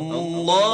الله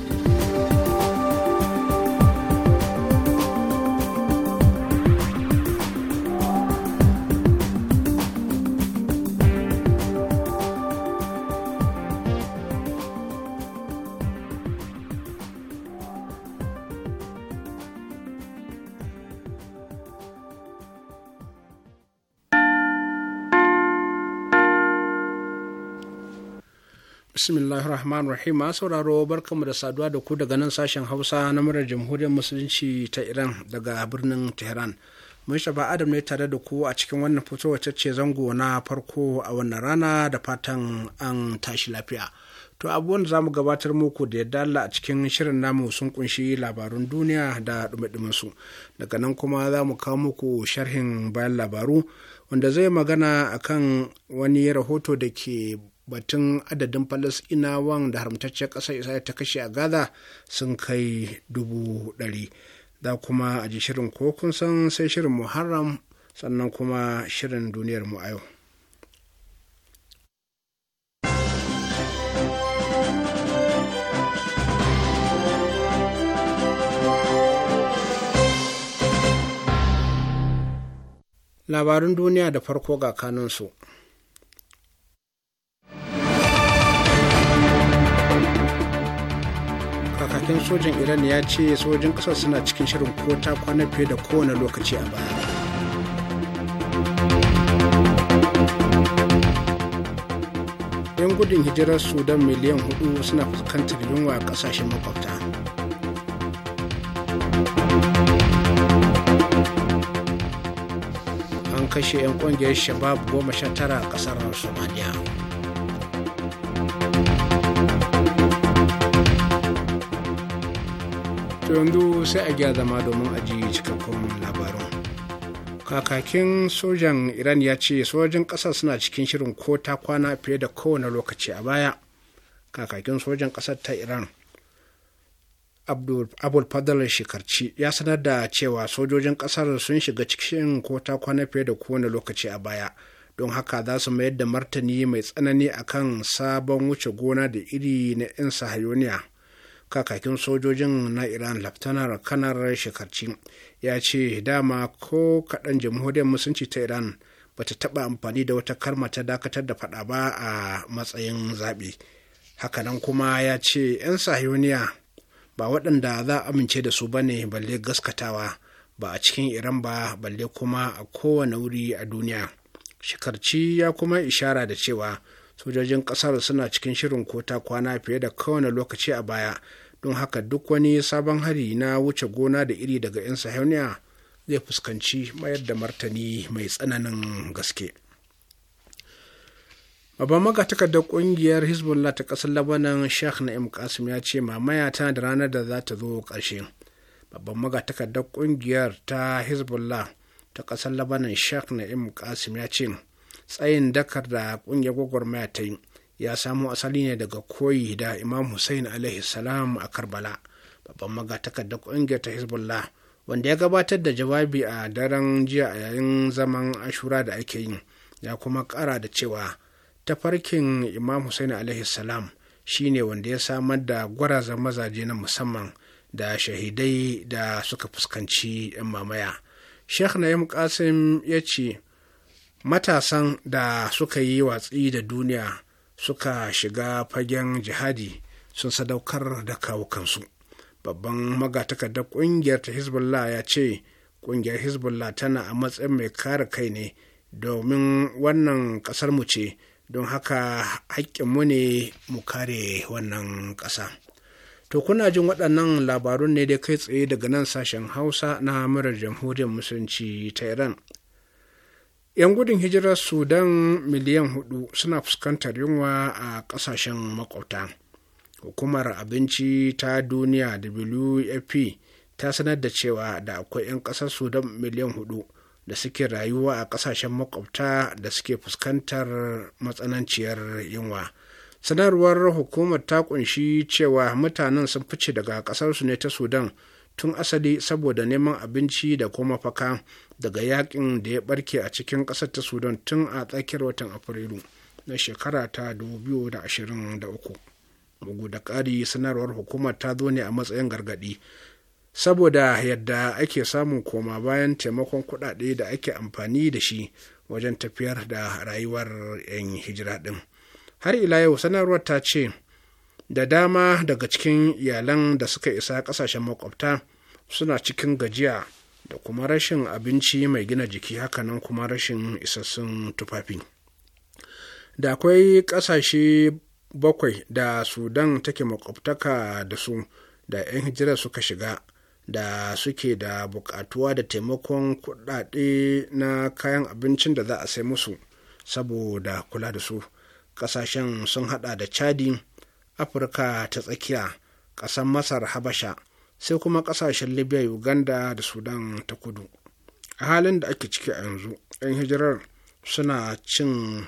bismillahir rahim a sauraro mu da saduwa da ku daga nan sashen hausa na murar jamhuriyar musulunci ta iran daga birnin tehran Mun shafa adam ne tare da ku a cikin wannan fito ce zango na farko a wannan rana da fatan an tashi lafiya to abubuwan za mu gabatar muku da yadda Allah a cikin shirin namu sun kunshi labarun duniya da dumadumin su daga nan kuma za mu kawo muku sharhin bayan labaru wanda zai magana akan wani rahoto da ke batun adadin falasɗinawan da haramtacciyar ƙasar isra'ila ta kashe a gaza sun kai dubu ɗari da kuma a ji shirin ko kun san sai shirin muharram sannan kuma shirin duniyar mu a yau labarun duniya da farko ga kanunsu. su kakakin sojin iran ya ce sojin ƙasar suna cikin shirin kota kwana fiye da kowane lokaci a baya yan gudun hijirar sudan miliyan hudu suna fuskantar yunwa a ƙasashen makwabta an kashe 'yan ƙungiyar shabab goma sha tara a ƙasar somaliya to yanzu sai a gya zama domin a ji cikakkun labarun. kakakin sojan iran ya ce sojan ƙasar suna cikin shirin ko ta kwana fiye da kowane lokaci a baya kakakin sojan ƙasar ta iran abul fadal shekarci ya sanar da cewa sojojin ƙasar sun shiga cikin ko ta kwana fiye da kowane lokaci a baya don haka za su mayar da martani mai tsanani akan sabon wuce gona da iri na 'yan sahayoniya kakakin sojojin na iran laftanar kanar shekarci ya ce dama ko kaɗan jamhuriyar musulunci ta iran ba ta taɓa amfani da wata karma ta dakatar da faɗa ba a matsayin zaɓe hakanan kuma ya ce 'yan sahiyoniya ba waɗanda za a amince da su bane balle gaskatawa ba a cikin iran ba balle kuma a kowane wuri a duniya shekarci ya kuma ishara da cewa sojojin ƙasar suna cikin shirin kota kwana fiye da kowane lokaci a baya don haka duk wani sabon hari na wuce gona da iri daga 'yan sahiyoniya zai fuskanci mayar da martani mai tsananin gaske babban magatakardar kungiyar hezbollah ta ƙasar labanan sheikh na'im kasim ya ce mamaya tana da ranar da za ta zo ƙarshe babban magatakardar kungiyar ta hezbollah ta ƙasar labanan sheikh na'im kasim ya ce tsayin dakar da ƙungiyar gwagwarmaya ta yi ya samo asali ne daga koyi da imam hussein alaihi salam a karbala babban magatakardar ƙungiyar ta hezbollah wanda ya gabatar da jawabi a daren jiya a yayin zaman ashura da ake yi ya kuma kara da cewa tafarkin imam hussein alaihi salam shine wanda ya samar da gwarazan mazaje na musamman da shahidai da suka fuskanci 'yan mamaya sheikh na'im kasim ya ce matasan da suka yi watsi da duniya suka shiga fagen jihadi sun sadaukar da kawukansu babban magatakardar kungiyar ta hezbollah ya ce kungiyar hezbollah tana a matsayin mai kare kai ne domin wannan kasar mu ce don haka haƙƙinmu ne mu kare wannan ƙasa to kuna jin waɗannan labarun ne dai kai tsaye daga nan sashen hausa na murar jamhuriyar musulunci ta iran 'yan gudun hijirar sudan miliyan hudu suna fuskantar yunwa a kasashen makwabta hukumar abinci ta duniya wfp ta sanar da cewa da akwai 'yan kasar sudan miliyan hudu da suke rayuwa a kasashen makwabta da suke fuskantar matsananciyar yunwa sanarwar hukumar ta kunshi cewa mutanen sun fice daga kasarsu ne ta sudan tun asali saboda neman abinci da kuma faka daga yakin da ya barke a cikin ƙasar ta sudan tun a tsakiyar watan afrilu na shekara ta 2023 bugu da ƙari sanarwar hukumar ta zo ne a matsayin gargaɗi saboda yadda ake samun koma bayan taimakon kuɗaɗe da ake amfani da shi wajen tafiyar da rayuwar 'yan hijira ɗin har ila yau sanarwar ta ce da dama daga cikin iyalan da suka isa ƙasashen makwabta suna cikin gajiya da kuma rashin abinci mai gina jiki hakanan kuma rashin isassun tufafi da akwai ƙasashe bakwai da sudan take makwabtaka da su da 'yan hijira suka shiga da suke da buƙatuwa da taimakon kuɗaɗe na kayan abincin da za a sai musu saboda kula da su ƙasashen sun hada da chadi afirka ta tsakiya ƙasar masar habasha sai kuma ƙasashen libya uganda da sudan ta kudu a halin da ake ciki a yanzu 'yan hijirar suna cin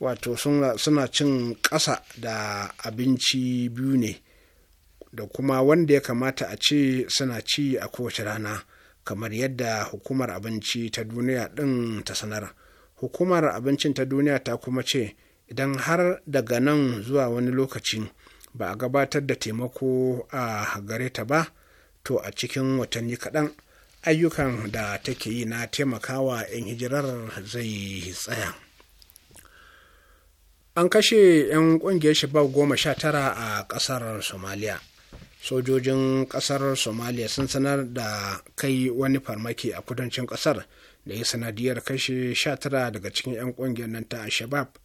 wato suna cin ƙasa da abinci biyu ne da kuma wanda ya kamata a ce suna ci a kowace rana kamar yadda hukumar abinci ta duniya ɗin ta sanar hukumar abincin ta duniya ta kuma ce idan har daga nan zuwa wani lokaci ba a gabatar da taimako a gare ta ba to a cikin watanni kaɗan ayyukan da take yi na taimakawa 'yan hijirar zai tsaya an kashe 'yan ƙungiyar shabab goma sha tara a ƙasar somaliya sojojin ƙasar somaliya sun sanar da kai wani farmaki a kudancin ƙasar da ya sanadiyar kashe sha tara daga cikin 'yan ƙungiyar nan ta shabab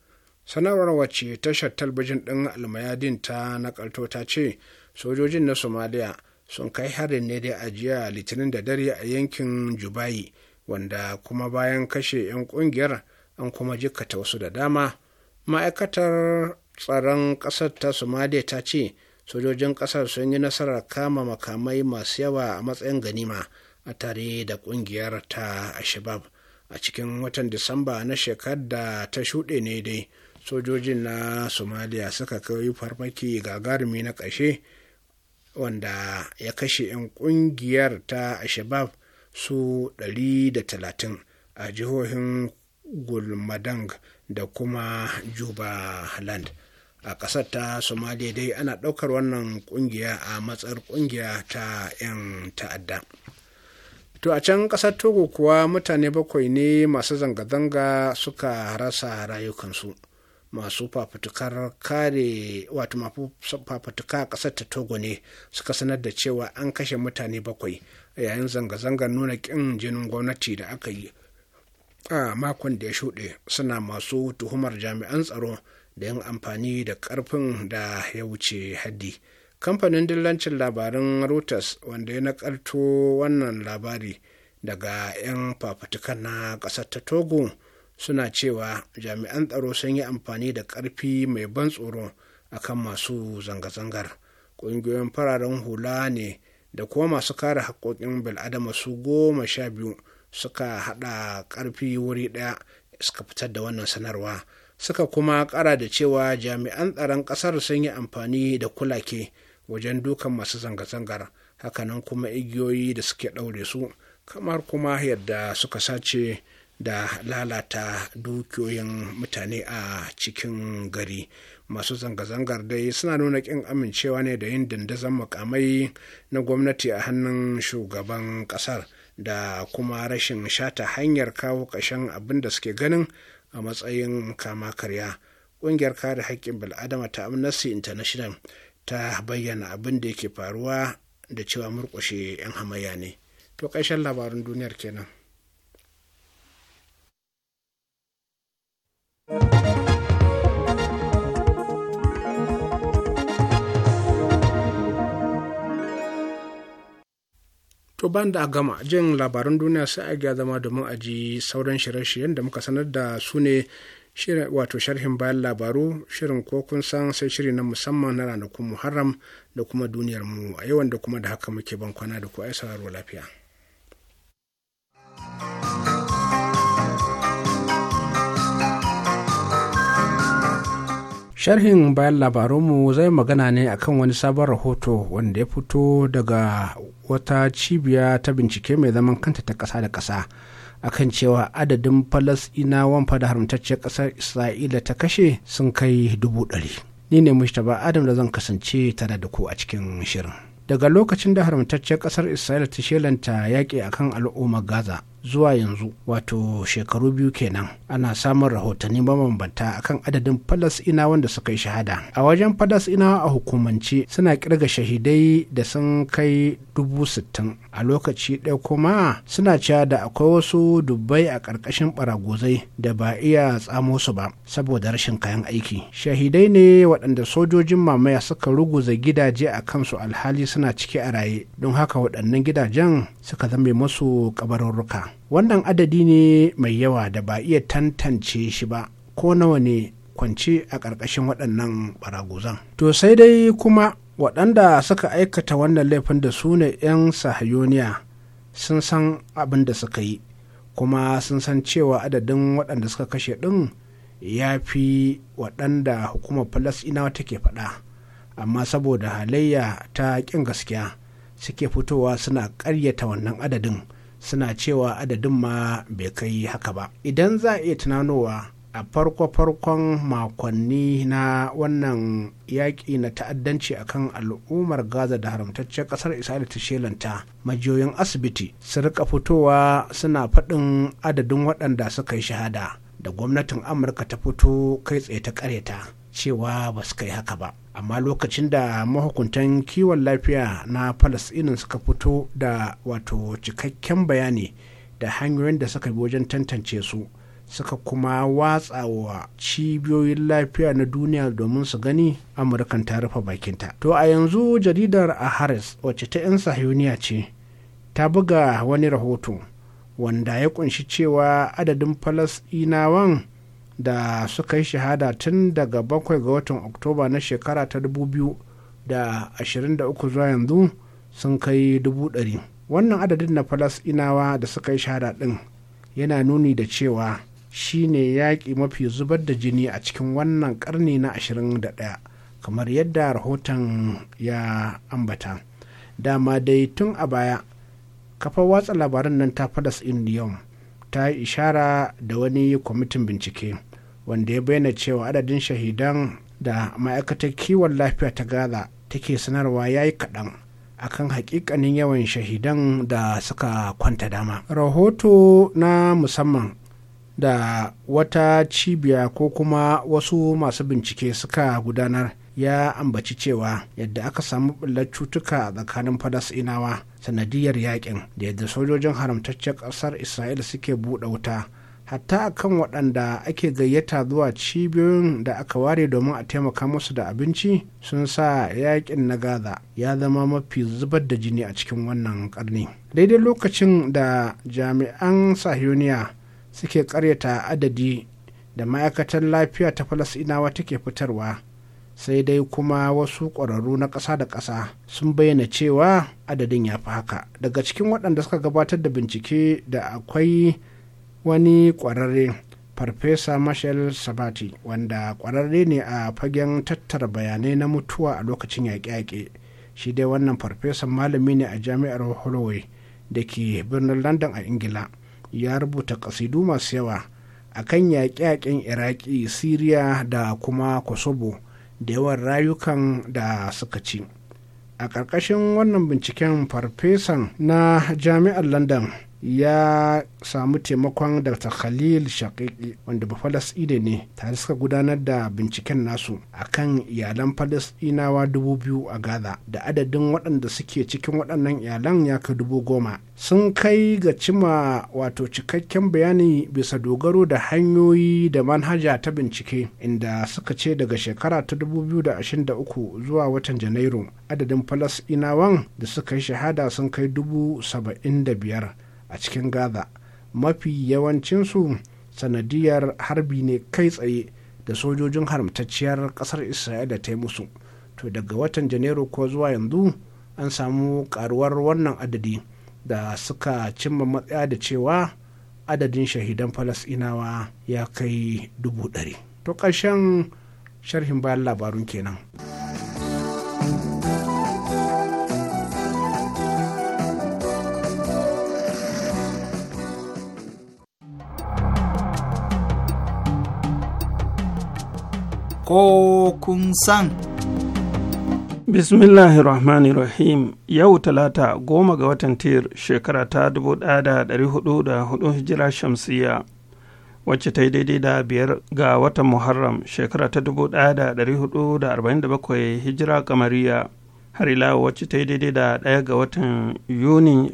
sanarwar wacce tashar talbijin ɗin almayadin ta nakalto ta ce sojojin na somaliya sun kai harin ne dai a jiya litinin da dare a yankin Juba'i, wanda kuma bayan kashe 'yan kungiyar an kuma jikkata wasu da dama ma'aikatar tsaron ƙasar ta somaliya ta ce sojojin ƙasar sun yi nasarar kama makamai masu yawa a matsayin ganima a tare da ƙungiyar ta a shabab." a cikin watan disamba na shekar da ta shuɗe ne dai sojojin na somaliya suka kai farmaki gagarumi na ƙashe wanda ya kashe 'yan ƙungiyar ta shabab su 130 a jihohin gulmadang da kuma jubaland a ƙasar ta somaliya dai ana ɗaukar wannan ƙungiya a matsar ƙungiya ta 'yan ta'adda to a can ƙasar togo kuwa mutane bakwai ne masu zanga-zanga suka rasa rayukansu masu fafutukar kare wato masu fafutuka ƙasar ta togo ne suka sanar da cewa an kashe mutane bakwai yayin zanga-zangar nuna ƙin jinin gwamnati da aka yi a makon da ya shuɗe suna masu tuhumar jami'an tsaro da yin amfani da ƙarfin da ya wuce haddi kamfanin dillancin labarin reuters wanda ya nakarto wannan labari daga 'yan fafutukar na ƙasar ta togo suna cewa jami'an tsaro sun yi amfani da ƙarfi mai ban tsoro a kan masu zanga-zangar ƙungiyoyin fararen hula ne da kuma masu kare haƙoƙin bil'adama su goma sha biyu suka haɗa ƙarfi wuri ɗaya suka fitar da wannan sanarwa suka kuma ƙara da cewa jami'an tsaron ƙasar sun yi amfani da kulake wajen dukan masu zanga-zangar hakanan kuma igiyoyi da suke ɗaure su kamar kuma yadda suka sace da lalata dukiyoyin mutane a cikin gari masu zanga-zangar dai suna nuna kin amincewa ne da yin dandazon mukamai na gwamnati a hannun shugaban kasar da kuma rashin shata hanyar kawo ƙashen abin da suke ganin a matsayin kama karya ƙungiyar kare haƙƙin bil'adama ta amnesty international ta bayyana abin da yake faruwa da cewa murƙushe 'yan hamayya ne to ƙarshen labarin duniyar kenan. To ban da a gama jin labaran duniya sai a ga zama domin a ji sauran shirye-shiryen da muka sanar da su ne wato sharhin bayan labaru shirin ko kun san sai shiri na musamman na ranakun muharram da kuma duniyar mu a yawan da kuma da haka muke bankwana da ku ai sauraro lafiya. sharhin bayan labarunmu zai magana ne akan wani sabon rahoto wanda ya fito daga wata cibiya ta bincike mai zaman kanta ta ƙasa da ƙasa akan cewa adadin falasɗinawan da haramtacciyar ƙasar isra'ila ta kashe sun kai dubu ɗari ni ne mustapha adam da zan kasance tare da ku a cikin shirin daga lokacin da haramtacciyar ƙasar isra'ila ta shelanta yaƙi akan al'ummar gaza zuwa yanzu wato shekaru biyu kenan ana samun rahotanni mabambanta akan adadin falasina wanda suka yi shahada a wajen falasina a hukumance suna kirga shahidai da sun kai dubu sittin a lokaci ɗaya kuma suna cewa da akwai wasu dubbai a ƙarƙashin baragozai da ba iya tsamo su ba saboda rashin kayan aiki shahidai ne waɗanda sojojin mamaya suka ruguza gidaje a kansu alhali suna ciki a raye don haka waɗannan gidajen suka zame masu kabarurruka wannan adadi ne mai yawa da ba iya tantance shi ba ko nawa ne kwance a ƙarƙashin waɗannan ɓaraguzan. to sai dai kuma waɗanda suka aikata wannan laifin da su ne 'yan sahayoniya sun san abin da suka yi kuma sun san cewa adadin waɗanda suka kashe ɗin ya fi waɗanda hukumar falasɗinawa take faɗa amma saboda halayya ta ƙin gaskiya suke fitowa suna ƙaryata wannan adadin suna cewa adadin ma bai kai haka ba idan za a iya tunanowa a farko-farkon makonni na wannan yaƙi na ta'addanci akan al'ummar gaza da haramtaccen ƙasar isra'ila ta shelanta majiyoyin asibiti su rika fitowa suna faɗin adadin waɗanda suka yi shahada da gwamnatin amurka ta fito kai tsaye ta ƙareta cewa ba su kai haka ba amma lokacin da mahukuntan kiwon lafiya na palestinin suka fito da wato cikakken bayani da hanyoyin da suka bi wajen tantance su suka kuma watsa wa cibiyoyin lafiya na duniya domin su gani amurkan ta rufe bakinta to a yanzu jaridar a harris wacce ta 'yan sahiyoniya ce ta buga wani rahoto wanda ya kunshi cewa adadin falasɗinawan da suka yi shahada tun daga bakwai ga watan oktoba na shekara ta 2023 zuwa yanzu sun kai dubu ɗari wannan adadin na falasɗinawa da suka yi shahada ɗin yana nuni da cewa shi ne yaƙi mafi zubar da jini a cikin wannan karni na da 21 kamar yadda rahoton ya ambata dama dai tun a baya kafa watsa labaran nan ta falas indiyan ta yi ishara da wani kwamitin bincike wanda ya bayyana cewa adadin shahidan da ma'aikatar kiwon lafiya ta gaza take sanarwa ya yi kaɗan akan haƙiƙanin yawan shahidan da suka kwanta dama rahoto na musamman da wata cibiya ko kuma wasu masu bincike suka gudanar ya ambaci cewa yadda aka samu bullar cutuka a tsakanin falasɗinawa sanadiyar yakin da yadda sojojin haramtaccen ƙasar isra'ila suke buɗe wuta hatta akan waɗanda ake gayyata zuwa cibiyoyin da aka ware domin a taimaka musu da abinci sun sa yakin na gaza ya zama mafi zubar da jini a cikin wannan karni daidai lokacin da jami'an sahiyoniya suke karyata adadi da ma'aikatan lafiya ta falasinawa take fitarwa sai dai kuma wasu ƙwararru na ƙasa da ƙasa sun bayyana cewa adadin ya fi haka daga cikin waɗanda suka gabatar da bincike da akwai wani ƙwararre farfesa marshall sabati wanda ƙwararre ne a fagen tattara bayanai na mutuwa a lokacin yaƙe-yaƙe shi dai wannan farfesan malami ne a jami'ar holloway da ke birnin london a ingila ya rubuta ƙasidu masu yawa akan yaƙe-yaƙen iraki siriya da kuma kosovo da yawan rayukan da suka ci a ƙarƙashin wannan binciken farfesan na jami'ar london ya samu taimakon dr khalil shakiki wanda ba ne tare suka gudanar da binciken nasu a kan iyalan falasɗinawa dubu biyu a gaza da adadin waɗanda suke cikin waɗannan iyalan ya kai dubu goma sun kai ga cima wato cikakken bayani bisa dogaro da hanyoyi da manhaja ta bincike inda suka ce daga shekara ta 2023 zuwa watan janairu adadin falasɗinawan da suka yi shahada sun kai dubu saba'in da biyar a cikin gaza mafi yawancinsu sanadiyar harbi ne kai tsaye da sojojin haramtacciyar kasar isra'ila ta yi musu to daga watan janairu ko zuwa yanzu an samu karuwar wannan adadi da suka cimma matsaya da cewa adadin shahidan falasinawa ya kai dubu ɗari to ƙarshen sharhin bayan labarun kenan. ko kun san. Bismillahirrahmanirrahim yau talata goma ga watan tir shekara ta dubu da da hudu hudu hijira shamsiya wacce ta yi daidai da biyar ga watan Muharram shekara ta dubu da da da hudu arba'in bakwai hijira kamariya har ila wacce ta yi daidai da ɗaya ga watan Yuni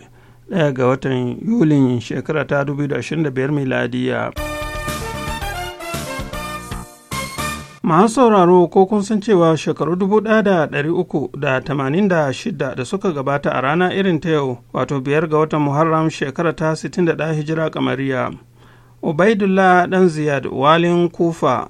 ɗaya ga watan Yulin shekara ta biyar miladiya. masu sauraro ko kun san cewa shekaru 1386 da da suka gabata a rana irin ta yau wato biyar ga watan muharram shekara ta 61 hijira kamariya ubaidullah dan ziyad walin kufa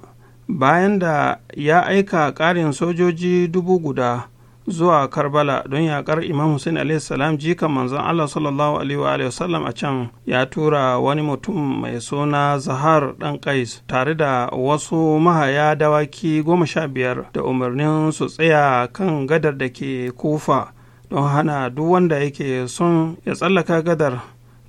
bayan da ya aika ƙarin sojoji dubu guda zuwa karbala don Yaƙar imam hussein alaihissalam jikan manzon allah sallallahu alaihi wasallam a can ya tura wani mutum mai suna zahar dan kais tare da wasu mahaya dawaki goma sha biyar da umarnin su tsaya kan gadar da ke kufa don hana duk wanda yake son ya tsallaka gadar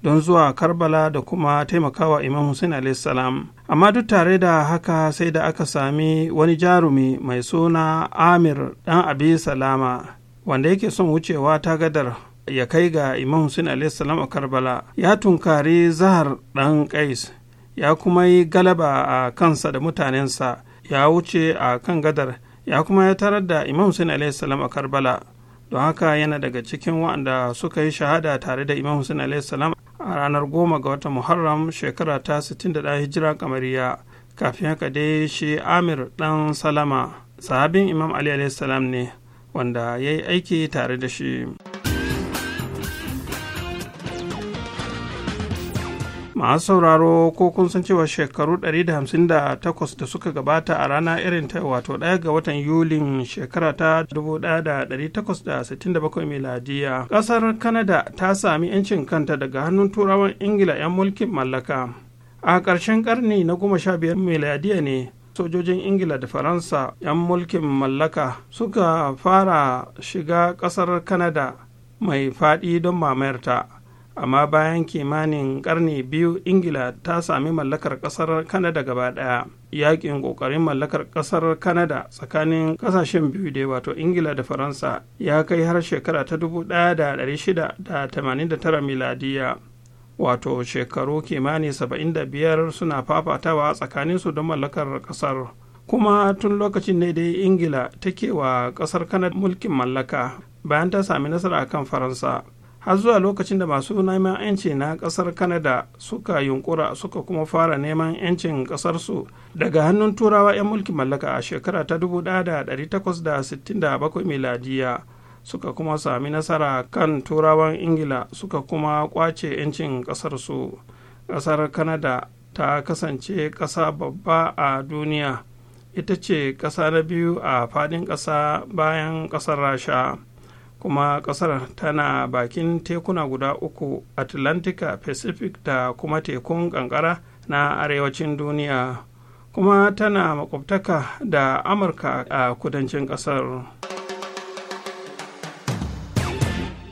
don zuwa karbala da kuma taimakawa imam hussein salam amma duk tare da haka sai da aka sami wani jarumi mai suna amir dan abi salama wanda yake son wucewa ta gadar ya kai ga imam hussein salam a karbala ya tunkari zahar dan kais ya kuma yi galaba a kansa da mutanensa ya wuce a kan gadar ya kuma ya tarar da imam hussein salam a karbala don haka yana daga cikin wa'anda suka yi shahada tare da imam hussein salam a ranar goma ga wata muharram shekara ta 61 hijira kamariya kafin haka dai shi amir dan salama sahabin imam ali salam ne wanda ya yi aiki tare da shi. masu sauraro ko kun san cewa shekaru 158 da suka gabata a rana irin ta wato ɗaya ga watan yulin shekara ta 1867 miladiya ƙasar Kanada ta sami 'yancin kanta daga hannun turawan ingila 'yan mulkin mallaka a ƙarshen ƙarni na 15 miladiya ne sojojin ingila da faransa 'yan mulkin mallaka suka fara shiga ƙasar Kanada mai faɗi don mamayarta amma bayan kimanin karni biyu ingila ta sami mallakar kasar kanada gaba daya yakin kokarin mallakar kasar kanada tsakanin kasashen biyu da wato ingila da faransa ya kai har shekara ta 1689 miladiya wato shekaru kimani 75 suna fafatawa tsakanin su don mallakar kasar kuma tun lokacin ne dai ingila take wa kasar kanada mulkin mallaka bayan ta sami nasara kan faransa har zuwa lokacin da masu neman 'yanci na kasar Kanada suka yunkura suka kuma fara neman 'yancin kasarsu daga hannun turawa 'yan mulkin mallaka a shekara ta 1867 miladiya suka kuma sami nasara kan turawan ingila suka kuma kwace 'yancin kasarsu kasar Kanada ta kasance kasa babba a duniya ita ce kasa na biyu a fadin kasa bayan kasar rasha kuma ƙasar tana bakin tekuna guda uku atlantika pacific da kuma tekun ƙanƙara na arewacin duniya kuma tana makwabtaka da amurka a kudancin ƙasar.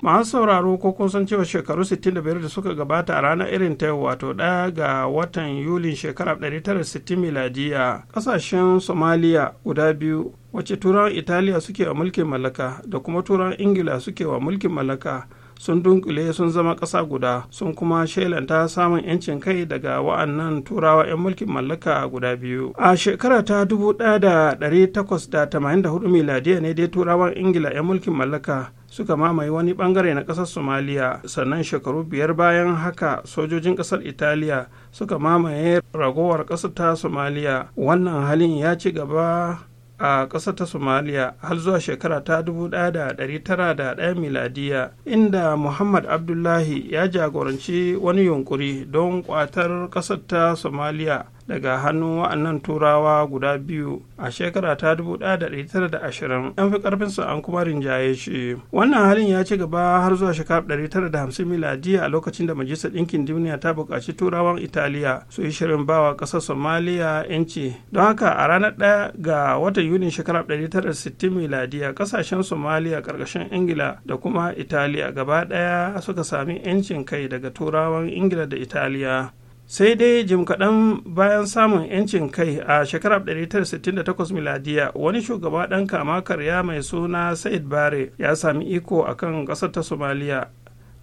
masu sauraro ko kun san cewa shekaru 65 da suka gabata a ranar irin ta wato ɗaya ga watan yulin shekara 1960 miladiya ƙasashen somaliya guda biyu wacce turawan italiya suke wa mulkin mallaka da kuma turawan ingila suke wa mulkin mallaka sun dunkule sun zama ƙasa guda sun kuma shelanta samun 'yancin kai daga wa'annan turawa 'yan mulkin mallaka guda biyu a shekara ta 1884 miladiya ne dai turawan ingila 'yan mulkin mallaka suka mamaye wani bangare na kasar somaliya sannan shekaru biyar bayan haka sojojin kasar italiya suka mamaye ragowar kasar ta somaliya wannan halin ya ci gaba a ƙasar ta somaliya har zuwa shekara ta 1901 miladiya inda muhammad abdullahi ya jagoranci wani yunkuri don kwatar ƙasar ta somaliya daga hannun wa'annan turawa guda biyu a shekara ta 1920 'yan fi karfinsu an kuma rinjaye shi wannan halin ya ci gaba har zuwa shekara hamsin miladiya a lokacin da majalisar ɗinkin duniya ta buƙaci turawan italiya su yi shirin bawa ƙasar somaliya 'yanci don haka a ranar ɗaya ga watan yuni shekara 1960 miladiya ƙasashen somaliya ƙarƙashin ingila da kuma italiya gaba ɗaya suka sami 'yancin kai daga turawan ingila da italiya sai dai jim kaɗan bayan samun 'yancin kai a shekarar 1968 miladiya wani shugaba ɗan kama karya mai suna said bare ya sami iko a kan ƙasar ta somaliya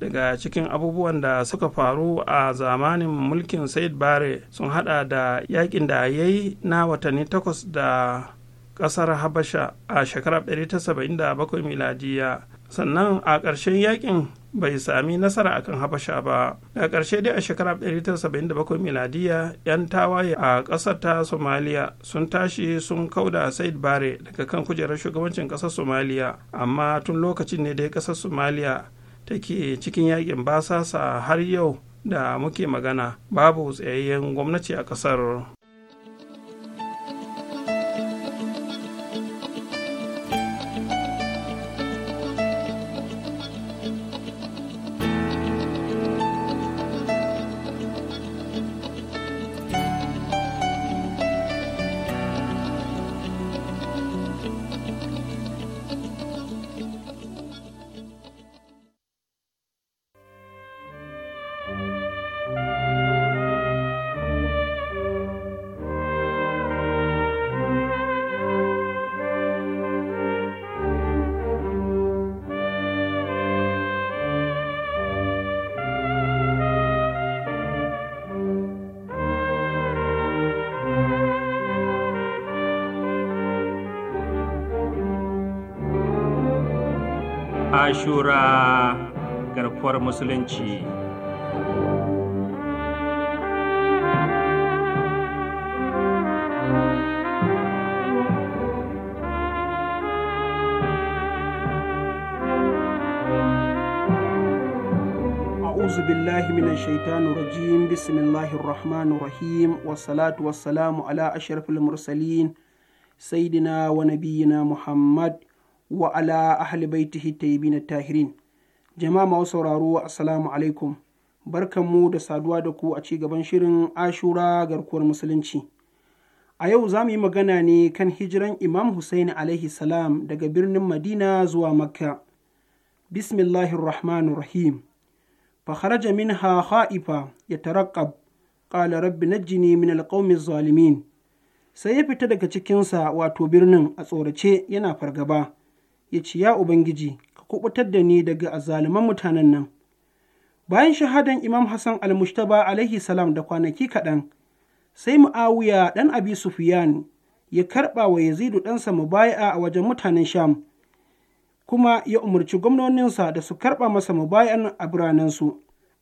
daga cikin abubuwan da suka faru a zamanin mulkin said bare sun hada da yakin da ya yi na watanni takwas da ƙasar habasha a shekarar 1977 miladiya sannan a ƙarshen yakin bai sami nasara akan habasha ba A ƙarshe dai a shekara 1977 miladiya 'yan tawaye a ƙasar ta somaliya sun tashi sun kauda said bare daga kan kujerar shugabancin ƙasar somaliya amma tun lokacin ne dai ƙasar somaliya take cikin yakin basasa har yau da muke magana babu tsayayyen gwamnati a ƙasar Sura garkuwar Musulunci. أعوذ بالله من الشيطان الرجيم بسم الله الرحمن الرحيم والصلاة والسلام على أشرف المرسلين سيدنا ونبينا محمد wa ala ahli baitihi tayyibin tahirin jama'a masu sauraro assalamu alaikum barkanmu da saduwa da ku a ci gaban shirin ashura garkuwar musulunci a yau za mu yi magana ne kan hijiran imam Hussein alaihi salam daga birnin madina zuwa makka bismillahir rahmanir rahim fa kharaja minha kha'ifa yatarqab qala rabbi najjini min alqawmi zalimin sai ya fita daga cikinsa wato birnin a tsorace yana fargaba ya ce, Ya Ubangiji, ka kubutar da ni daga azzaluman mutanen nan. Bayan shahadan Imam Hassan al-Mushtaba alaihi salam da kwanaki kaɗan, sai Mu'awiya ɗan Abi sufiyan ya karɓa wa Yazidu ɗansa mubaya a wajen mutanen Sham, kuma ya umarci gwamnoninsa da su karɓa masa mubayan a biranensu.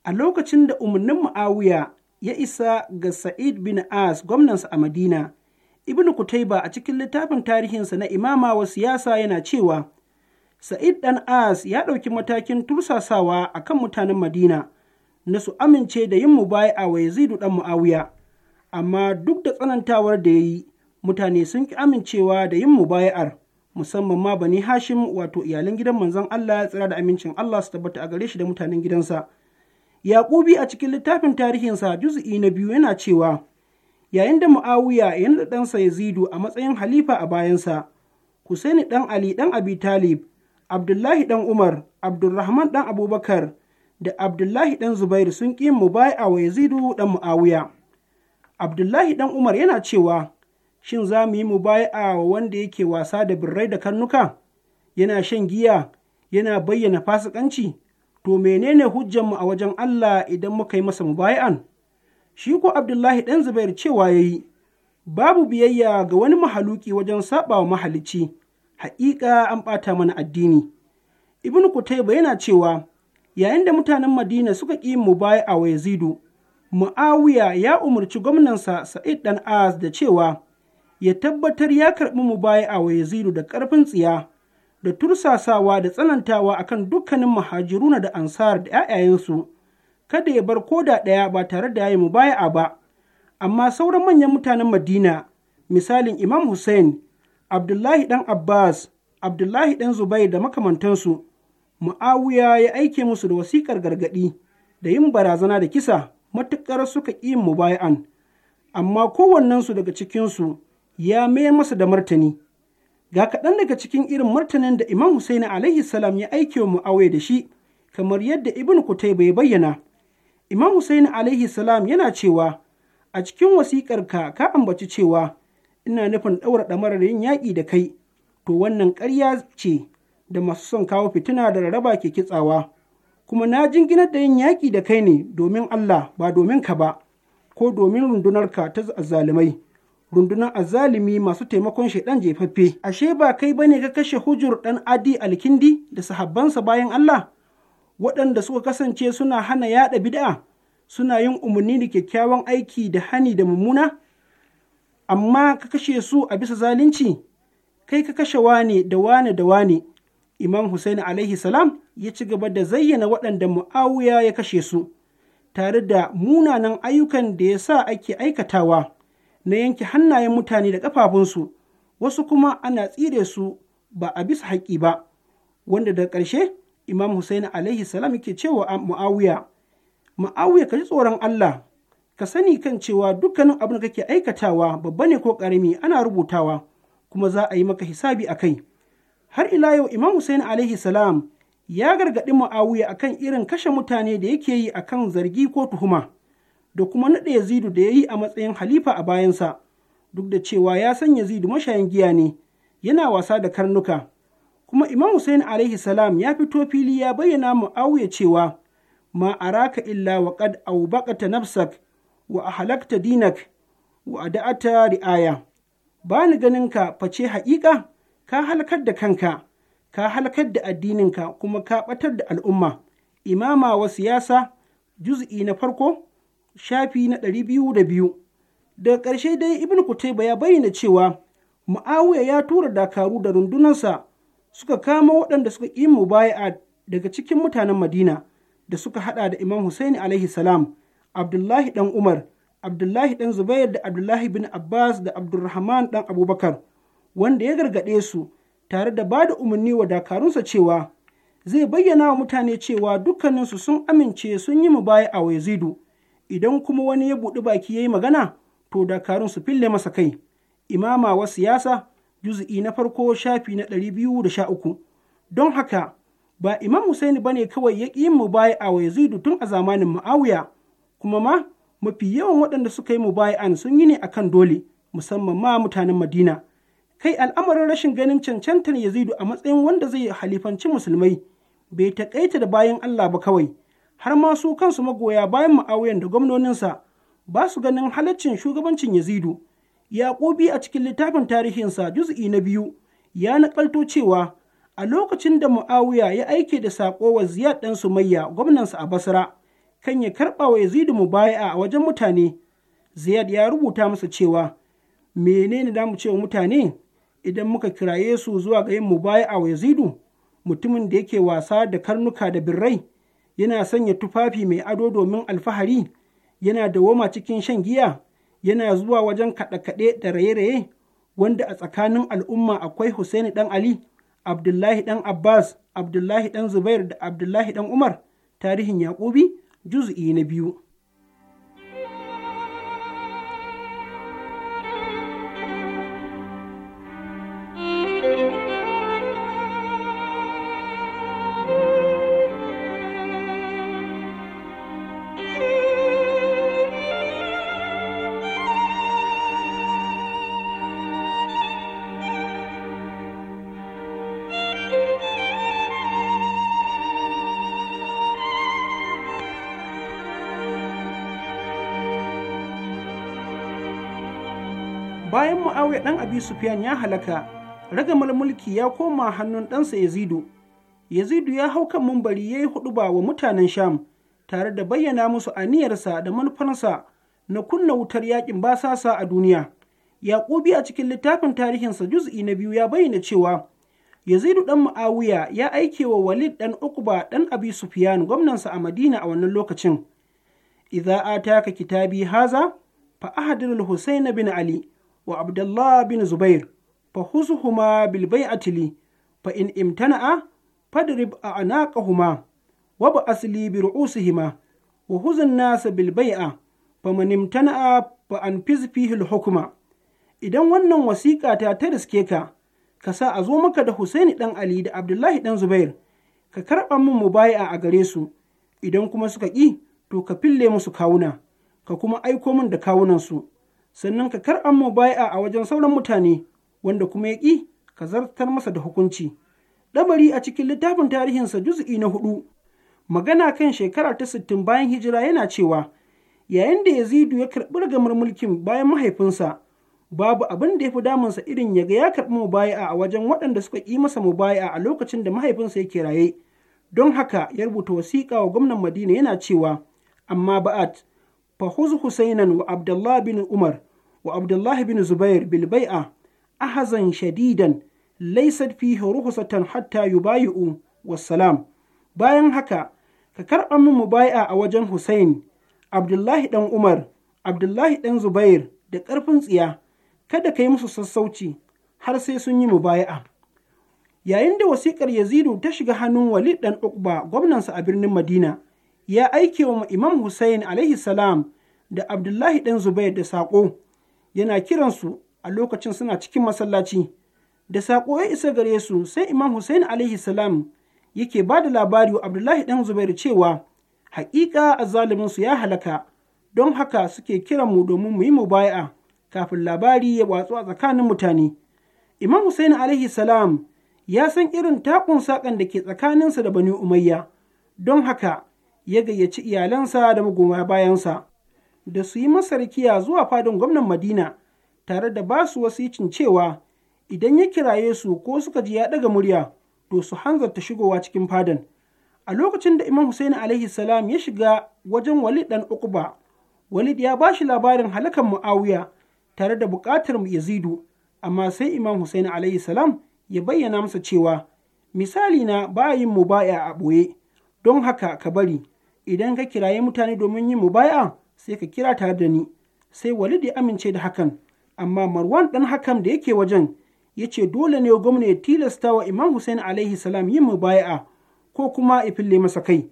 A lokacin da umarnin Mu'awiya ya isa ga Sa'id bin As gwamnansa a Madina, Ibn Kutaiba a cikin littafin tarihinsa na imama wa siyasa yana cewa, Sa'id ɗan As ya ɗauki matakin tursasawa a kan mutanen Madina na su amince da yin a wa Yazidu ɗan Mu'awiya, amma duk da tsanantawar da ya yi, mutane sun ƙi amincewa da yin mubaya'ar, musamman ma Bani Hashim wato iyalin gidan manzon Allah tsira da amincin Allah su tabbata a gare shi da mutanen gidansa. Yaƙubi a cikin littafin tarihinsa juz'i na biyu yana cewa, yayin da Mu'awiya yana da ɗansa Yazidu a matsayin halifa a bayansa, Husaini ɗan Ali ɗan Abi Talib Abdullahi ɗan Umar, Abdulrahman ɗan Abubakar da Abdullahi ɗan Zubairu sun ƙi a wa Yazidu ɗan Mu'awiya. Abdullahi ɗan Umar yana cewa, Shin za mu yi mubai'a wa wanda yake wasa da birrai da karnuka? Yana shan giya, yana bayyana fasikanci, to menene hujjanmu a wajen Allah idan muka yi masa mubai'an? Shi ko Abdullahi ɗan Zubairu cewa ya yi, babu biyayya ga wani mahaluki wajen saɓa mahalicci. haƙiƙa an ɓata mana addini ibn kutaiba yana cewa yayin da mutanen madina suka ƙi mu mubaya'a wa yazidu mu'awiya ya umarci gwamnansa sa'id dan az da cewa ya tabbatar ya karɓi mu mubaya'a wa yazidu da ƙarfin tsiya da tursasawa da tsanantawa akan dukkanin mahajiruna da ansar da 'ya'yayensu kada ya bar ko da ɗaya ba tare da yayi mubaya'a ba amma sauran manyan mutanen madina misalin imam hussein Abdullahi ɗan Abbas, Abdullahi ɗan Zubai da makamantansu, Mu'awiya ya aike musu da wasiƙar gargaɗi da yin barazana da kisa matuƙar suka ƙi bayan amma kowannensu daga cikinsu ya mayar masa da martani. Ga kaɗan daga cikin irin martanin da Imam Hussein alaihi salam ya aike wa Mu'awiya da shi, kamar yadda Ibn Kutai bai bayyana. Imam Hussein alaihi salam yana cewa, a cikin wasiƙarka ka ambaci cewa ina nufin ɗaura ɗamarar yin yaƙi da kai to wannan ƙarya ce da masu son kawo fitina da raraba ke kitsawa kuma na jinginar da yin yaƙi da kai ne domin Allah ba domin ka ba ko domin rundunarka ta azzalumai rundunar azzalumi masu taimakon shaidan jefaffe ashe ba kai ba ne ka kashe hujur dan adi alkindi da sahabbansa bayan Allah waɗanda suka kasance suna hana yaɗa bid'a suna yin umarni da kyakkyawan aiki da hani da mummuna amma ka kashe su a bisa zalunci kai ka kashe wane da wane da wane imam Hussein alaihi salam ya ci gaba da zayyana waɗanda mu'awiya ya kashe su tare da munanan ayyukan da ya sa ake aikatawa na yanke hannayen mutane da ƙafafunsu wasu kuma ana tsire su ba a bisa haƙƙi ba wanda da ƙarshe imam Hussein alaihi salam yake cewa mu'awiya mu'awiya ka ji tsoron Allah ka sani kan cewa dukkanin abin da kake aikatawa babba ne ko ƙarami ana rubutawa kuma za a yi maka hisabi a kai har ila yau imam Hussein alaihi salam ya gargaɗi Muawiya akan irin kashe mutane da yake yi a kan zargi ko tuhuma da kuma naɗa Yazidu da ya yi a matsayin halifa a bayansa duk da cewa ya san Yazidu mashayin giya ne yana wasa da karnuka kuma imam Hussein alaihi salam ya fito fili ya bayyana Muawiya cewa ma araka illa wa qad awbaqata nafsak wa a halakta dinak wa a da'ata ri'aya ba ni ganinka face haƙiƙa ka halkar da kanka ka halakar da addininka kuma ka ɓatar da al'umma imama wa siyasa juz'i na farko shafi na ɗari biyu da biyu daga ƙarshe dai ibn kutaiba ya bayyana cewa mu'awiya ya tura dakaru da rundunansa suka kama waɗanda suka yi mubaya'a daga cikin mutanen madina da suka haɗa da imam husaini alaihi salam Abdullahi ɗan Umar, Abdullahi ɗan Zubair da Abdullahi bin Abbas da Abdulrahman ɗan Abubakar, wanda ya gargaɗe su tare da ba da umarni wa dakarunsa cewa zai bayyana wa mutane cewa dukkaninsu sun amince sun yi mubaya a Yazidu, idan kuma wani ya buɗi baki ya yi magana, to dakarun su fille masa kai. Imama wa siyasa, juzu'i na farko shafi na ɗari biyu da sha uku. Don haka, ba Imam ba ne kawai ya ƙi yin mubaya a Yazidu tun a zamanin Mu'awiya. kuma ma mafi yawan waɗanda suka yi mubaya'an sun yi ne akan dole musamman ma mutanen madina kai al'amarin rashin ganin cancantar yazidu a matsayin wanda zai halifanci musulmai bai taƙaita da bayan allah ba kawai har ma su kansu magoya bayan ma'awuyan da gwamnoninsa ba su ganin halaccin shugabancin yazidu yaƙubi a cikin littafin tarihinsa juz'i na biyu ya naƙalto cewa a lokacin da mu'awiya ya aike da saƙo wa ziyad ɗan sumayya gwamnansa a basra kan ya karɓa wa yazidu mu baya a wajen mutane ziyad ya rubuta masa cewa menene da mu ce mutane idan muka kiraye su zuwa ga yin mu baya a wa yazidu mutumin da yake wasa da karnuka da birrai yana sanya tufafi mai ado domin alfahari yana dawoma cikin shan giya yana zuwa wajen kaɗe-kaɗe da raye-raye wanda a tsakanin al'umma akwai Hussaini ɗan Ali, Abdullahi ɗan Abbas, Abdullahi ɗan Zubair da Abdullahi ɗan Umar, tarihin Yaƙubi, juz'i na biyu muawiya ɗan abi sufyan ya halaka ragamar mulki ya koma hannun ɗansa yazidu yazidu ya hau kan mumbari ya yi huɗuba wa mutanen sham tare da bayyana musu aniyarsa da manufarsa na kunna wutar yakin basasa a duniya yaƙubi a cikin littafin tarihinsa juz'i na biyu ya bayyana cewa yazidu ɗan mu'awiya ya aike wa walid ɗan ukba ɗan abi sufyan gwamnansa a madina a wannan lokacin idza ataka kitabi haza fa ahdir al-husayn bin ali wa Abdullah bin Zubair fa husuhuma bil bai'ati li fa in imtana'a fadrib a'naqahuma wa ba asli bi ru'usihima wa huzun nasa bil bai'a fa man imtana'a fa an fihi al hukma idan wannan wasiƙa ta ta riske ka ka sa a zo maka da Husaini dan Ali da Abdullahi dan Zubair ka karɓa min mubaya a gare su idan kuma suka ƙi to ka fille musu kawuna ka kuma aiko min da kawunansu sannan ka kar an a wajen sauran mutane wanda kuma ya ƙi ka zartar masa da hukunci ɗabari a cikin littafin tarihinsa juzu'i na hudu magana kan shekara ta sittin bayan hijira yana cewa yayin da yazidu ya karɓi ragamar mulkin bayan mahaifinsa babu abin da ya fi damunsa irin ya ga ya karɓi mubaya'a a wajen waɗanda suka ƙi masa mubaya'a a lokacin da mahaifinsa yake raye don haka ya rubuta wasiƙa wa gwamnan madina yana cewa amma ba'at fahuz husainan wa abdullah bin umar wa Abdullahi bin Zubair bil bai'a ahazan shadidan laysat fihi ruhsatan hatta wa Salam bayan haka ka karɓa min mubai'a a wajen Hussein Abdullahi dan Umar Abdullahi dan Zubair da ƙarfin tsiya kada ka yi musu sassauci har sai sun yi mubaya'a. Yayin da wasiƙar Yazidu ta shiga hannun Walid ɗan Ukba gwamnansa a birnin Madina, ya aike wa Imam Hussein alaihi salam da Abdullahi ɗan Zubair da saƙo yana kiransu a lokacin suna cikin masallaci da saƙo ya isa gare su sai imam Hussein alaihi salam yake ba da labari wa Abdullahi ɗan Zubairu cewa haƙiƙa azzalumin su ya halaka don haka suke kiran mu domin mu yi mu baya kafin labari ya watsu a tsakanin mutane imam Hussein alaihi salam ya san irin takun saƙan da ke tsakaninsa da Bani Umayya don haka ya gayyaci iyalansa da magoma bayansa da su yi masa rikiya zuwa fadin gwamnan Madina tare da ba su wasicin cewa idan ya kiraye su ko suka ji ya ɗaga murya to su hanzarta shigowa cikin fadan. A lokacin da Imam Hussein alaihi salam ya shiga wajen Walid dan Uqba, Walid ya ba shi labarin halakan Muawiya tare da buƙatar Yazidu, amma sai Imam Hussein alaihi salam ya bayyana masa cewa misali na ba yin mubaya a ɓoye, don haka ka bari idan ka kiraye mutane domin yin mubaya sai ka kira tare da ni sai walid ya amince da hakan amma marwan ɗan hakan da yake wajen ya ce dole ne gwamna ya tilasta wa imam hussein alaihi salam yin mubaya'a ko kuma ya fille masa kai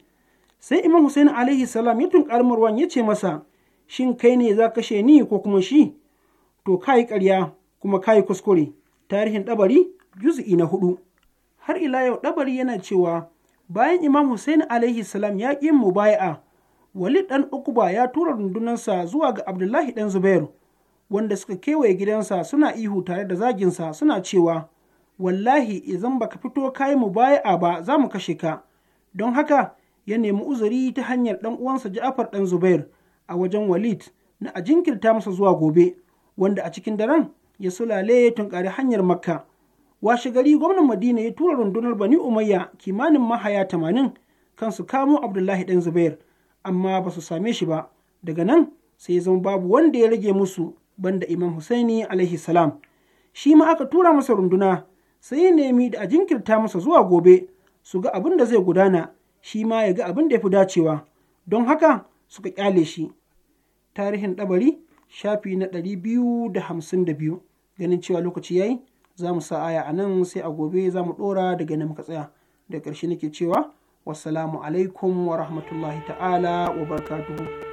sai imam hussein alaihi salam ya tunkar marwan ya ce masa shin kai ne za kashe ni ko kuma shi to kayi karya kuma kayi kuskure tarihin Dabari, juz'i na hudu har ila yau dabari yana cewa bayan imam hussein alaihi salam ya ƙi mubaya'a Walid ɗan Ukuba ya tura rundunarsa zuwa ga Abdullahi ɗan Zubairu, wanda suka kewaye gidansa suna ihu tare da zaginsa suna cewa, Wallahi, idan baka fito kayi mu baya a ba za mu kashe ka. Don haka, ya nemi uzuri ta hanyar ɗan uwansa Ja'afar ɗan Zubair a wajen Walid na a jinkirta masa zuwa gobe, wanda a cikin daren ya sulale ya tunkari hanyar Makka. Washe gari gwamnan Madina ya tura rundunar Bani Umayya kimanin mahaya tamanin kan su kamo Abdullahi ɗan Zubair. amma ba su same shi ba daga nan sai ya zama babu wanda ya rage musu banda imam husaini alaihi salam shi ma aka tura masa runduna sai ya nemi da a jinkirta masa zuwa gobe su ga abin da zai gudana shi ma ya ga abin da ya fi dacewa don haka suka kyale shi tarihin ɗabari shafi na ɗari biyu da hamsin da biyu ganin cewa lokaci yayi za mu sa aya a nan sai a gobe za mu ɗora daga nan muka tsaya da ƙarshe nake cewa wasalamu alaikum wa rahmatullahi ta'ala wa barkatuhu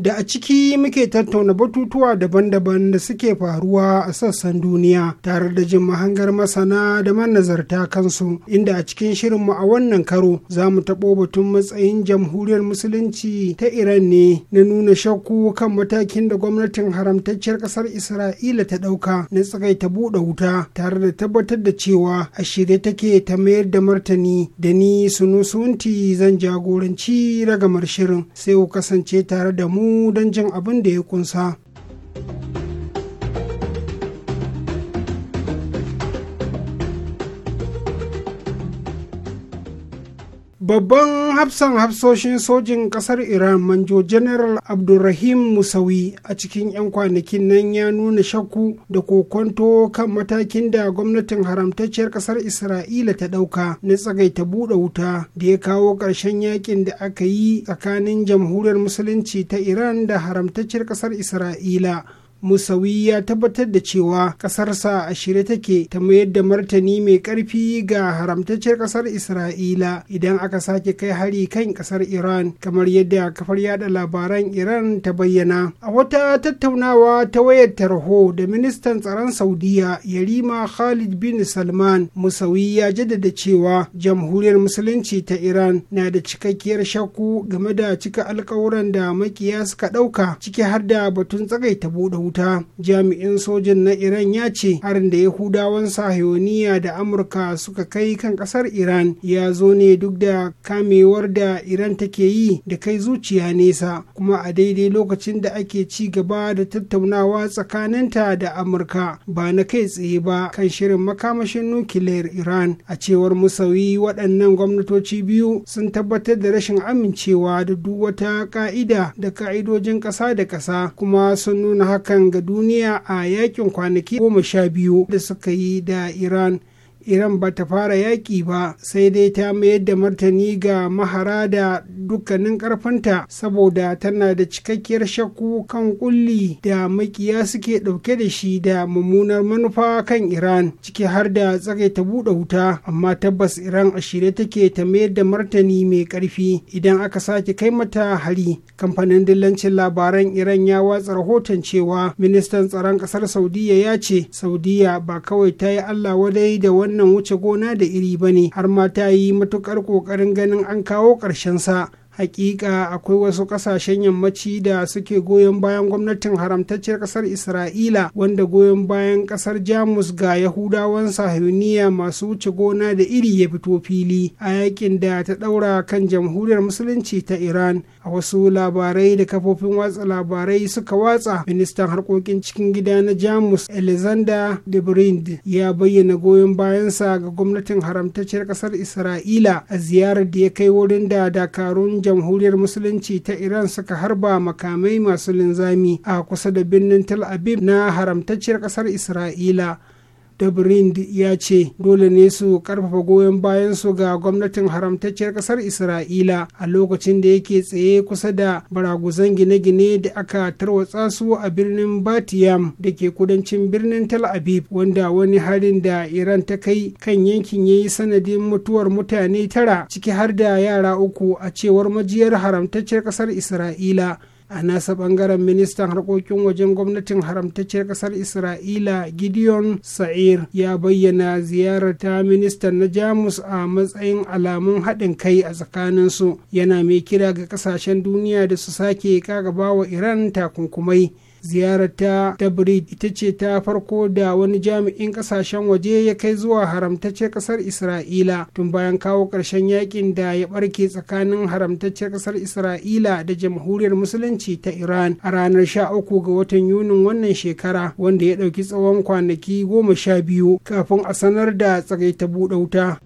da a ciki muke tattauna batutuwa daban-daban da suke faruwa a sassan duniya tare da jin mahangar masana da manazarta kansu inda a cikin shirinmu a wannan karo za mu taɓo batun matsayin jamhuriyar musulunci ta iran ne na nuna shakku kan matakin da gwamnatin haramtacciyar ƙasar isra'ila ta ɗauka na tsakaita buɗe wuta tare da tabbatar da cewa a shirye take ta mayar da martani da ni sunusunti zan jagoranci ragamar shirin sai ku kasance tare da mu mu don jin abin da ya kunsa. Babban hafsan hafsoshin sojin ƙasar Iran Manjo General Abdulrahim Musawi a cikin 'yan kwanakin nan ya nuna shakku da kokonto kan matakin da gwamnatin haramtacciyar ƙasar Isra'ila ta ɗauka na tsagaita buɗe wuta da ya kawo ƙarshen yakin da aka yi tsakanin jamhuriyar musulunci ta Iran da haramtacciyar ƙasar Isra'ila. musawi ya tabbatar da cewa ƙasarsa a shirye take ta mayar da martani mai ƙarfi ga haramtacciyar ƙasar isra'ila idan aka sake kai hari kan ƙasar iran kamar yadda kafar yada labaran iran ta bayyana a wata tattaunawa ta wayar tarho da ministan tsaron saudiya yarima khalid bin salman musawi ya jaddada cewa jamhuriyar musulunci ta iran na da cikakkiyar shakku game da cika alkawuran da makiya suka ɗauka ciki har da batun ta buɗe wuta jami'in sojin na iran ya ce harin da yahudawan sahiyoniya da amurka suka kai kan kasar iran ya zo ne duk da kamewar da iran take yi da kai zuciya nesa kuma a daidai lokacin da ake ci gaba da tattaunawa tsakaninta da amurka ba na kai tsaye ba kan shirin makamashin nukiliyar iran a cewar musawi waɗannan gwamnatoci biyu sun tabbatar da rashin amincewa da duk wata ka'ida da ka'idojin ƙasa da ƙasa kuma sun nuna hakan iran ga duniya a yakin kwanaki goma sha biyu da suka yi da iran iran ba ta fara yaƙi ba sai dai ta mayar da martani ga mahara da dukkanin ƙarfinta saboda tana da cikakkiyar shakku kan kulli da makiya suke ɗauke da shi da mummunar manufa kan iran ciki har da ta buɗe wuta amma tabbas iran a shirye take ta mayar da martani mai ƙarfi idan aka sake kai mata hari kamfanin dillancin labaran iran ya watsa rahoton cewa ministan tsaron ƙasar saudiya ya ce saudiya ba kawai ta yi allah wadai da wannan wannan wuce gona da iri ba ne har ma ta yi matuƙar ƙoƙarin ganin an kawo sa hakika akwai wasu ƙasashen yammaci da suke goyon bayan gwamnatin haramtacciyar ƙasar isra'ila wanda goyon bayan ƙasar jamus ga yahudawan sahiyuniya masu wuce gona da iri ya fito fili a yakin da ta daura kan jamhuriyar musulunci ta iran a wasu labarai da kafofin watsa labarai suka watsa ministan harkokin cikin gida na jamus alexander de brind ya bayyana goyon bayansa ga gwamnatin haramtacciyar kasar isra'ila a ziyarar da ya kai wurin da dakarun jamhuriyar musulunci ta iran suka harba makamai masu linzami a kusa da birnin tel aviv na haramtacciyar kasar isra'ila Dabrind ya ce dole ne su karfafa goyon bayan su ga gwamnatin haramtacciyar kasar Isra'ila a lokacin da yake tsaye kusa da baraguzan gine-gine da aka tarwatsa su a birnin Batiyam da ke kudancin birnin Tel Aviv wanda wani harin da Iran ta kai kan yankin ya yi sanadin mutuwar mutane tara ciki har da yara uku a cewar majiyar haramtacciyar kasar Isra'ila. a nasa bangaren ministan harkokin wajen gwamnatin haramtacciyar kasar isra'ila gideon sa'ir ya bayyana ziyarar ta ministan na jamus a matsayin alamun haɗin kai a tsakaninsu yana mai kira ga ƙasashen duniya da su sake kagaba wa iran takunkumai ziyarar ta tabrid ita ce ta farko da wani jami'in ƙasashen waje ya kai zuwa haramtacce ƙasar isra'ila tun bayan kawo ƙarshen yakin da ya barke tsakanin haramtaccen ƙasar isra'ila da jamhuriyar musulunci ta iran a ranar 13 ga watan Yuni wannan shekara wanda ya ɗauki tsawon kwanaki goma sha biyu kafin a sanar da tsagaita buɗe wuta.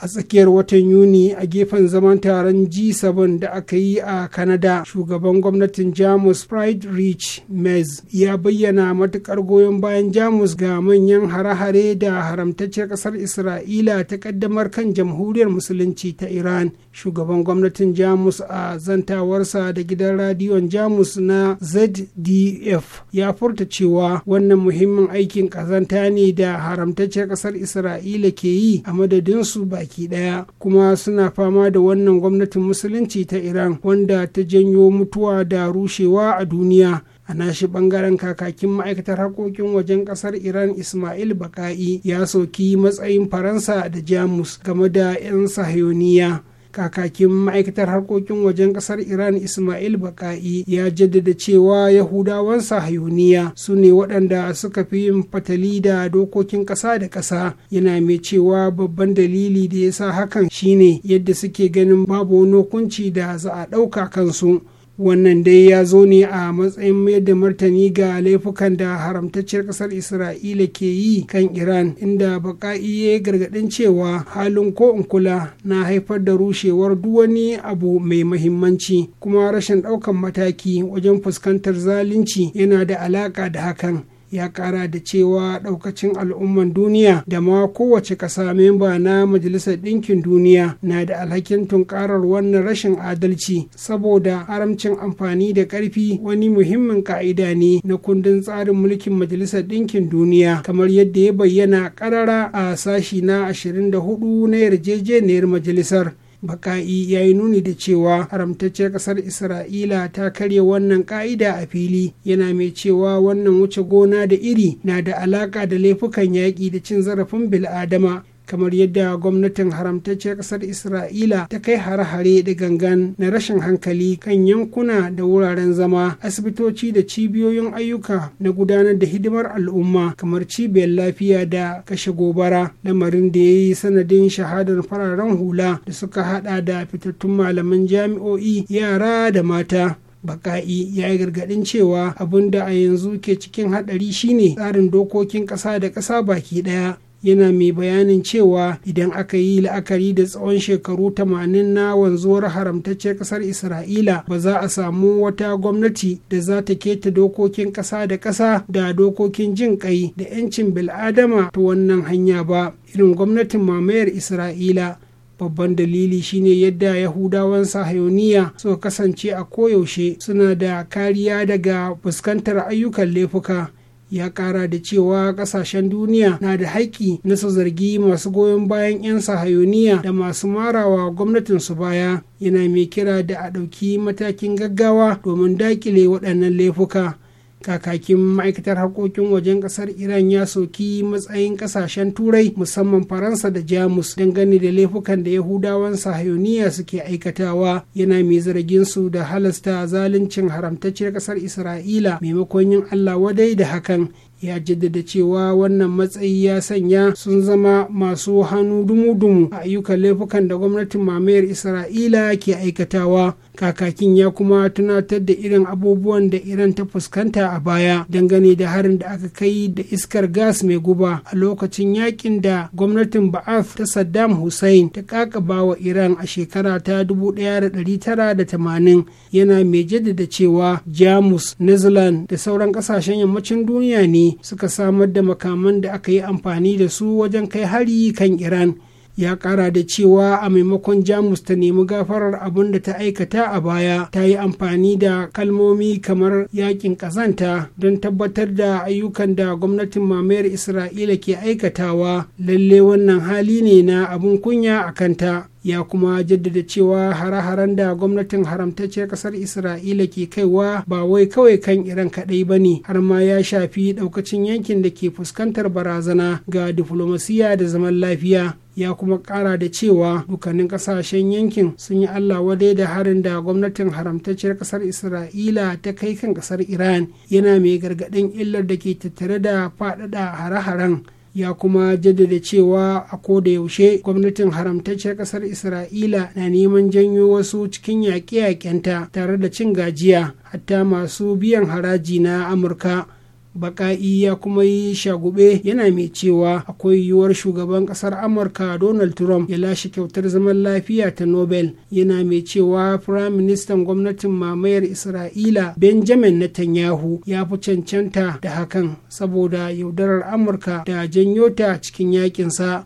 a tsakiyar watan yuni a gefen zaman taron g7 da aka yi a Kanada, shugaban gwamnatin jamus pride rich mez ya bayyana matukar goyon bayan jamus ga manyan hare-hare da haramtacciyar kasar isra'ila ta kaddamar kan jamhuriyar musulunci ta iran shugaban gwamnatin jamus a zantawarsa da gidan radiyon jamus na zdf ya furta cewa wannan muhimmin aikin kazanta ne da haramtacciyar kasar isra'ila ke yi a madadinsu baki baki daya kuma suna fama da wannan gwamnatin musulunci ta iran wanda ta janyo mutuwa da rushewa a duniya a nashi bangaren kakakin ma'aikatar harkokin wajen ƙasar iran ismail baka'i ya soki matsayin faransa da jamus game da 'yan sahiyoniya kakakin ma'aikatar harkokin wajen kasar iran ismail baka'i ya jaddada cewa yahudawan sahayuniya su ne waɗanda suka fi yin fatali da dokokin ƙasa da ƙasa yana mai cewa babban dalili da ya sa hakan shine yadda suke ganin babu wani hukunci da za a ɗauka kansu wannan dai ya zo ne a matsayin mayar da martani ga laifukan da haramtacciyar ƙasar isra'ila ke yi kan iran inda baka iya gargaɗin cewa halin ko in kula na haifar da rushewar duk wani abu mai mahimmanci kuma rashin ɗaukan mataki wajen fuskantar zalunci yana da alaƙa da hakan ya kara da cewa daukacin al'umman duniya da ma kowace ƙasa memba na majalisar ɗinkin duniya na da alhakin tunkarar wannan rashin adalci saboda haramcin amfani da ƙarfi wani muhimmin ka'ida ne na kundin tsarin mulkin majalisar ɗinkin duniya kamar yadda ya bayyana ƙarara a sashi na 24 na yarjejeniyar majalisar baka'i ya yi nuni da cewa haramtacce kasar isra'ila ta karya wannan ka'ida a fili yana mai cewa wannan wuce gona da iri na da alaka da laifukan yaƙi da cin zarafin bil'adama kamar yadda gwamnatin haramtacciyar ƙasar isra'ila ta kai hare-hare da gangan na rashin hankali kan yankuna da wuraren zama asibitoci da cibiyoyin ayyuka na gudanar da hidimar al'umma kamar cibiyar lafiya da kashe gobara lamarin da ya yi sanadin shahadar fararen hula da suka hada da fitattun malaman jami'o'i yara da mata baka'i ya yi gargadin cewa abin da a yanzu ke cikin haɗari shine tsarin dokokin ƙasa da ƙasa baki ɗaya yana mai bayanin cewa idan aka yi la'akari da tsawon shekaru 80 na wanzuwar haramtaccen ƙasar isra'ila ba za a samu wata gwamnati da za ta keta dokokin ƙasa da ƙasa da dokokin jin ƙai da 'yancin bil'adama ta wannan hanya ba irin gwamnatin mamayar isra'ila babban dalili shine yadda yahudawan sahayoniya suka kasance a koyaushe suna da kariya daga fuskantar ayyukan laifuka ya kara da cewa kasashen duniya na da haƙƙi na su zargi masu goyon bayan 'yan sahayoniya da masu marawa gwamnatin su baya yana mai kira da a ɗauki matakin gaggawa domin daƙile waɗannan laifuka kakakin ma'aikatar harkokin wajen kasar iran ya soki matsayin kasashen turai musamman faransa da jamus dangane da laifukan da yahudawan sahayoniya suke aikatawa yana mai zargin su da halasta zaluncin haramtacciyar kasar isra'ila maimakon yin allah wadai da hakan ya jaddada cewa wannan matsayi ya sanya sun zama masu hannu dumu-dumu a ayyukan laifukan da gwamnatin mamayar isra'ila ke aikatawa kakakin ya kuma tunatar da irin abubuwan da iran ta fuskanta a baya dangane da harin da aka kai da iskar gas mai guba a lokacin yakin da gwamnatin Ba'af ta saddam hussein ta kakaba wa iran a shekara ta 1980 yana mai jaddada cewa jamus netherlands da sauran kasashen yammacin duniya ne suka samar da makaman da aka yi amfani da su wajen kai hari kan iran ya kara da cewa a maimakon jamus ta nemi gafarar abin da ta aikata a baya ta yi amfani da kalmomi kamar yakin kazanta don tabbatar da ayyukan da gwamnatin mamayar isra'ila ke aikatawa lalle wannan hali ne na abin kunya a kanta ya kuma jaddada cewa hare-haren da gwamnatin haramtacciyar kasar isra'ila ke kaiwa ba wai kawai kan iran kaɗai ba ne har ma ya shafi ɗaukacin yankin da ke fuskantar barazana ga diflomasiya da zaman lafiya ya kuma kara da cewa dukkanin kasashen yankin sun yi Allah wadai da harin da gwamnatin haramtacciyar ƙasar Isra'ila ta kai kan ƙasar Iran yana mai gargaɗin illar da ke tattare da faɗaɗa hare-haren ya kuma jaddada cewa a ko da yaushe gwamnatin haramtacciyar kasar isra'ila na neman janyo wasu cikin yaƙe-yaƙenta tare da cin gajiya hatta masu biyan haraji na amurka baƙa'i ya kuma yi shagube yana mai cewa akwai yiwuwar shugaban ƙasar amurka donald trump ya lashe kyautar zaman lafiya ta nobel yana mai cewa prime ministan gwamnatin mamayar isra'ila benjamin netanyahu ya fi cancanta da hakan saboda yaudarar amurka da janyo ta cikin yakinsa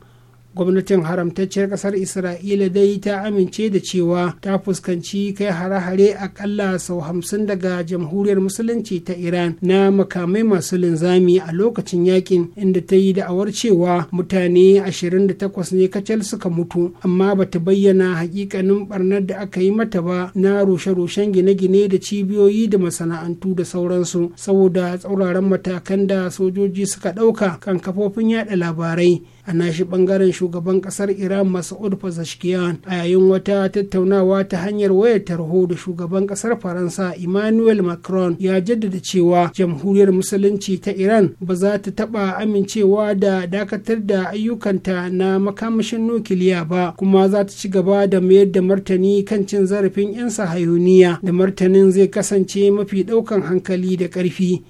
gwamnatin haramtacciyar kasar isra'ila dai ta amince da cewa ta fuskanci kai hare-hare akalla sau hamsin daga jamhuriyar musulunci ta iran na makamai masu linzami a lokacin yakin inda ta yi da'awar cewa mutane 28 ne kacal suka mutu amma bata bayyana hakikanin barnar da aka yi mata ba na rushe-rushen gine-gine da cibiyoyi da masana'antu da sauransu saboda tsauraran matakan da sojoji suka ɗauka kan kafofin yaɗa labarai a nashi ɓangaren shugaban kasar iran masaud pezeshkian a yayin wata tattaunawa ta hanyar wayar tarho da shugaban kasar faransa emmanuel macron ya jaddada cewa jamhuriyar musulunci ta iran ba za ta taba amincewa da dakatar da ayyukanta na makamashin nukiliya ba kuma za ta ci gaba da mayar da martani kan cin zarafin 'yan sahayuniya da martanin zai kasance mafi daukan hankali da karfi.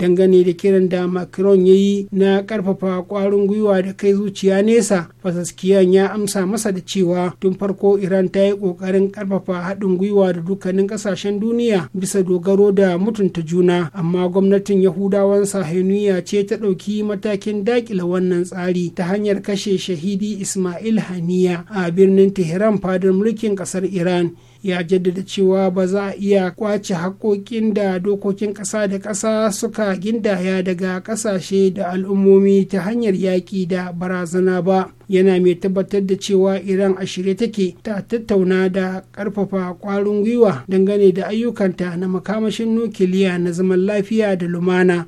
dangane da kiran da macron ya yi na karfafa kwarin gwiwa da kai zuciya nesa fasaskiyan ya amsa masa da cewa tun farko iran ta yi ƙoƙarin karfafa haɗin gwiwa da dukkanin ƙasashen duniya bisa dogaro da mutunta juna amma gwamnatin yahudawan Sahenuya ce ta ɗauki matakin dakila wannan tsari ta hanyar kashe shahidi ismail haniya a birnin tehran fadar mulkin ƙasar iran ya jaddada cewa ba za a iya kwace haƙoƙin da dokokin ƙasa da ƙasa suka gindaya daga ƙasashe da al'ummomi ta hanyar yaƙi da barazana ba yana mai tabbatar da cewa iran a shirye take ta tattauna da ƙarfafa ƙwarin gwiwa dangane da ayyukanta na makamashin nukiliya na zaman lafiya da lumana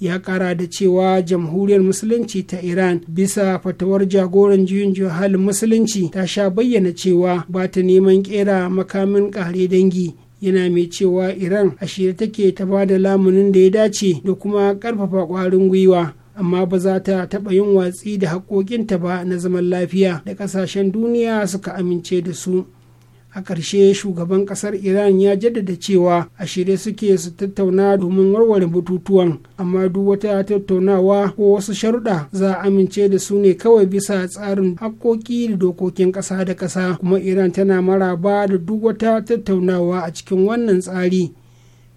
ya kara da cewa jamhuriyar musulunci ta iran bisa fatawar jagoran juyin halin musulunci ta sha bayyana cewa ba ta neman kera makamin kare dangi yana mai cewa iran a shirye take ta ba da lamunin da ya dace da kuma karfafa kwarin gwiwa amma ba za ta taɓa yin watsi da haƙoƙinta ba na zaman lafiya da ƙasashen duniya suka amince da su a ƙarshe shugaban ƙasar iran ya jaddada cewa a shirye suke su tattauna domin warware batutuwan amma duk wata tattaunawa ko wasu sharuɗa za a amince da su ne kawai bisa tsarin haƙƙoƙi da dokokin ƙasa da ƙasa kuma iran tana maraba da duk wata tattaunawa a cikin wannan tsari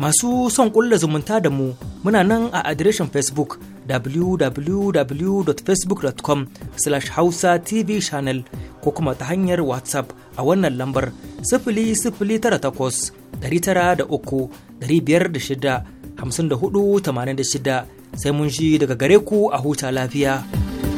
Masu son ƙulla zumunta da mu muna nan a adireshin Facebook www.facebook.com slash hausa tv channel ko kuma ta hanyar WhatsApp a wannan lambar sifili sifili tara takwas ɗari tara da hamsin da hudu tamanin da shida sai mun shi daga gare ku a huta lafiya.